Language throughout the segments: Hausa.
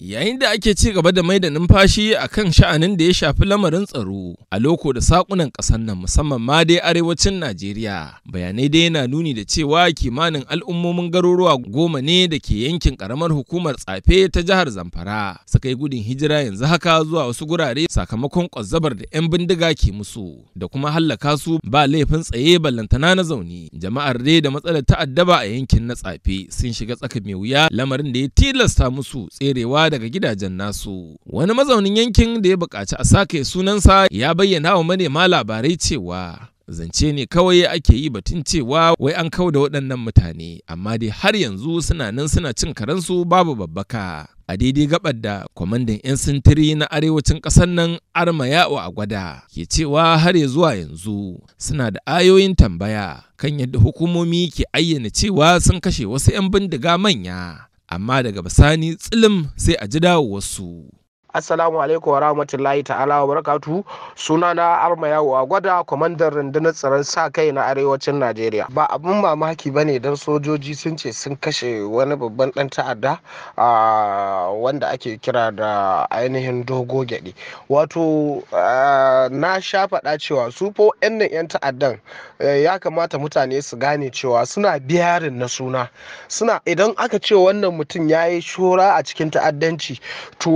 yayin da ake ci gaba da mai da numfashi a kan sha'anin da ya shafi lamarin tsaro a loko da sakunan ƙasar nan musamman ma dai arewacin najeriya bayanai dai yana nuni da cewa kimanin al'ummomin garuruwa goma ne da ke yankin karamar hukumar tsafe ta jihar zamfara suka yi gudun hijira yanzu haka zuwa wasu gurare sakamakon ƙwazzabar da 'yan bindiga ke musu da kuma hallaka su ba laifin tsaye ballantana na zaune jama'ar dai da matsalar ta'addaba a yankin na tsafe sun shiga tsaka mai wuya lamarin da ya tilasta musu tserewa daga gidajen nasu wani mazaunin yankin da ya buƙaci a sake sunansa ya bayyana wa manema labarai cewa zance ne kawai ake yi batun cewa wai an kau da waɗannan mutane amma dai har yanzu suna nan suna cin karensu babu babbaka a daidai gabar da kwamandan 'yan sintiri na arewacin ƙasar nan arma yawo a gwada ke cewa har ya zuwa yanzu suna da ayoyin tambaya kan yadda hukumomi ke ayyana cewa sun kashe wasu 'yan bindiga manya amma daga bisani tsilim sai a ji dawowarsu. wasu. assalamu alaikum wa rahmatullahi ta'ala wa barakatu suna na arma yawo a gwada kwamandan rundunar tsaron sa kai na arewacin najeriya ba abin mamaki bane dan sojoji sun ce sun kashe wani babban dan ta'adda wanda ake kira da ainihin dogo gyaɗe wato na sha faɗa cewa su fo 'yan ta'addan eh, ya kamata mutane su gane cewa suna biyarin na suna suna idan aka ce wannan mutum ya yi shora a cikin ta'addanci to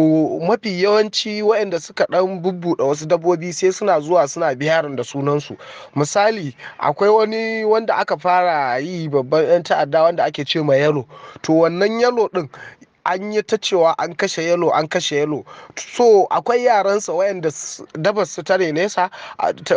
mafi mafi yawanci waɗanda suka ɗan bubbuɗe wasu dabbobi sai suna zuwa suna bi yaran da sunansu misali akwai wani wanda aka fara yi babban 'yan ta'adda wanda ake ce ma yalo to wannan yalo ɗin an yi ta cewa an kashe yalo an kashe yalo so akwai yaransa wayanda dabar su tare nesa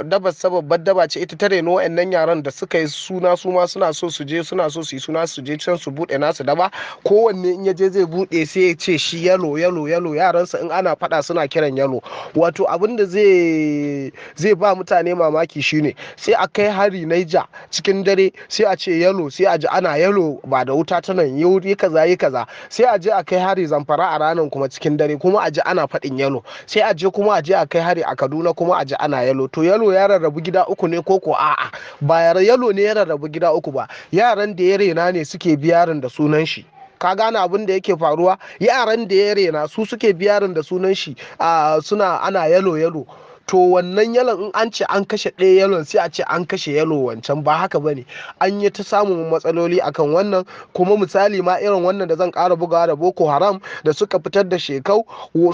dabar sa babbar daba ce ita tare no wayannan yaran da suka yi suna su ma suna so su je suna so su yi suna su je can su bude nasu daba kowanne in ya je zai bude sai ya ce shi yalo yalo yalo yaransa in ana fada suna kiran yalo wato abin da zai zai ba mutane mamaki shine sai a kai hari naija cikin dare sai a ce yalo sai a ji ana yalo ba da wuta ta nan yi kaza yi kaza sai a ji. a kai hari zamfara a ranar kuma cikin dare kuma a ji ana faɗin yalo sai a je kuma a je a kai hari a kaduna kuma a ji ana yalo to yalo ya rarrabu gida uku ne ko ko a'a ba yalo ne ya rarrabu gida uku ba yaran da ya rena ne suke biyarin da sunan shi ka gane abin da yake faruwa yaran da ya rena su suke biyarin da sunan shi ah, suna ana yalo yalo to wannan yalon in an ce an kashe ɗaya yalon sai a ce an kashe yalo wancan ba haka ba ne an yi ta samun matsaloli akan wannan kuma misali ma irin wannan da zan ƙara bugawa da boko haram da suka fitar da shekau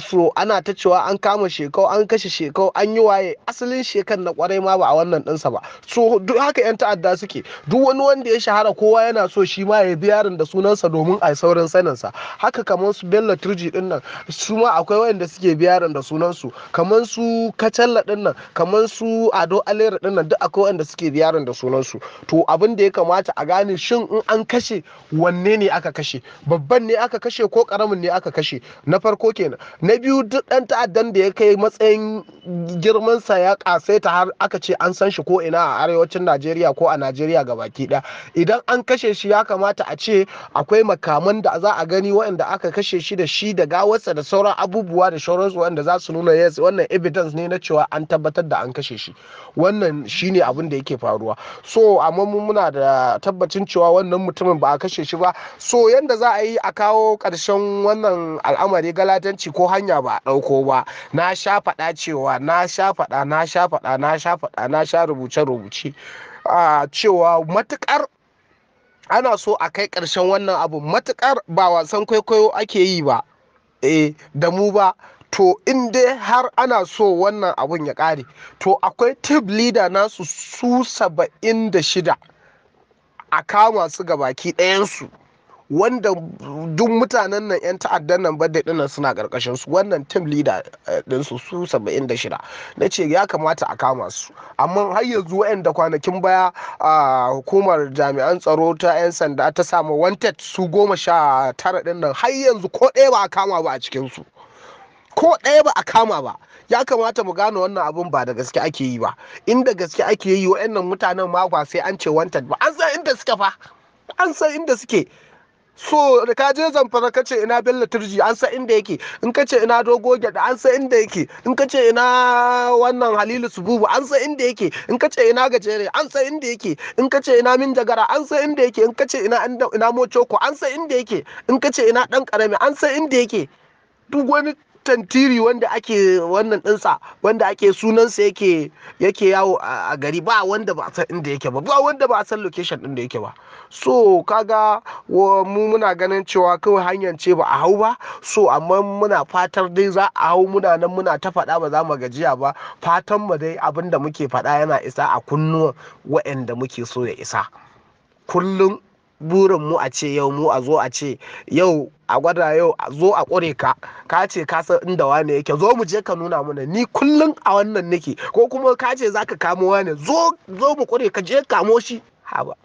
so ana ta cewa an kama shekau an kashe shekau an yi waye asalin shekan na kwarai ma ba a wannan ɗinsa ba so duk haka yan ta'adda suke duk wani wanda ya shahara kowa yana so shi ma ya bi yaron da sunansa domin a saurin saninsa haka kamar su bello turji dinnan su ma akwai wanda suke bi yaron da sunansu kamar su kaca Acella din nan kamar su Ado Alera din nan duk akwai wanda suke ziyaran da sunan su to abin da ya kamata a gane shin in an kashe wanne ne aka kashe babban ne aka kashe ko karamin ne aka kashe na farko kenan na biyu duk dan ta'addan da ya kai matsayin girmansa ya ta har aka ce an san shi ko ina a arewacin najeriya ko a najeriya ga baki ɗaya idan an kashe shi ya kamata a ce akwai makaman da za a gani waɗanda aka kashe shi da shi da gawarsa da sauran abubuwa da sauransu waɗanda za su nuna yes wannan evidence ne na cewa an tabbatar da an kashe shi wannan shine abin da yake faruwa so amma mu muna da tabbacin cewa wannan mutumin ba a kashe shi ba so yanda za a yi a kawo ƙarshen wannan al'amari galatanci ko hanya ba a ɗauko ba na sha faɗa cewa na sha faɗa na sha faɗa na sha faɗa na sha rubuce rubuce a cewa matukar ana so a kai ƙarshen wannan abu matukar ba wasan kwaikwayo ake yi ba eh da mu ba to in dai har ana so wannan abun ya ƙare to akwai tip leader nasu su saba'in da shida a kama su ga baki ɗayansu wanda duk mutanen nan 'yan ta'addan nan bada dinnan suna karkashin su wannan team leader eh, dinsu su 76 na ce ya kamata a kama su amma har yanzu wa'anda kwanakin baya a hukumar jami'an tsaro ta 'yan sanda ta samu wanted su goma sha tara dinnan har yanzu ko ɗaya ba a kama ba a cikin su ko ɗaya ba a kama ba ya kamata mu gane wannan abin ba da gaske ake yi ba inda gaske ake yi wa'annan mutanen ma sai an ce wanted ba an san inda suke fa an san inda suke so da ka je zamfara ka ce ina bello turji an san inda yake in ka ce ina dogo gyada an san inda yake in ka ce ina wannan halilu sububu an san inda yake in ka ce ina gajere an san inda yake in ka ce ina min jagara an san inda yake in ka ce ina ina mochoko an san inda yake in ka ce ina dan karami an san inda yake duk wani tiri wanda ake wannan ɗinsa wanda ake sunansa yake yake yawo a gari ba wanda ba san inda yake ba ba wanda ba san location ɗin da yake ba so kaga mu muna ganin cewa kawai hanyar ce ba a hau ba so amma muna fatar dai za a hau muna nan muna ta faɗa ba za mu gajiya ba fatan mu dai abin da muke faɗa yana isa a kunnuwan waɗanda muke so ya isa kullum burin mu a ce yau mu a zo a ce yau a gwada yau a zo a ƙure ka ka ce ka san inda wane yake zo mu je ka nuna mana ni kullum a wannan nake ko kuma ka ce zaka kamo wane zo zo mu ƙure ka je kamo shi haba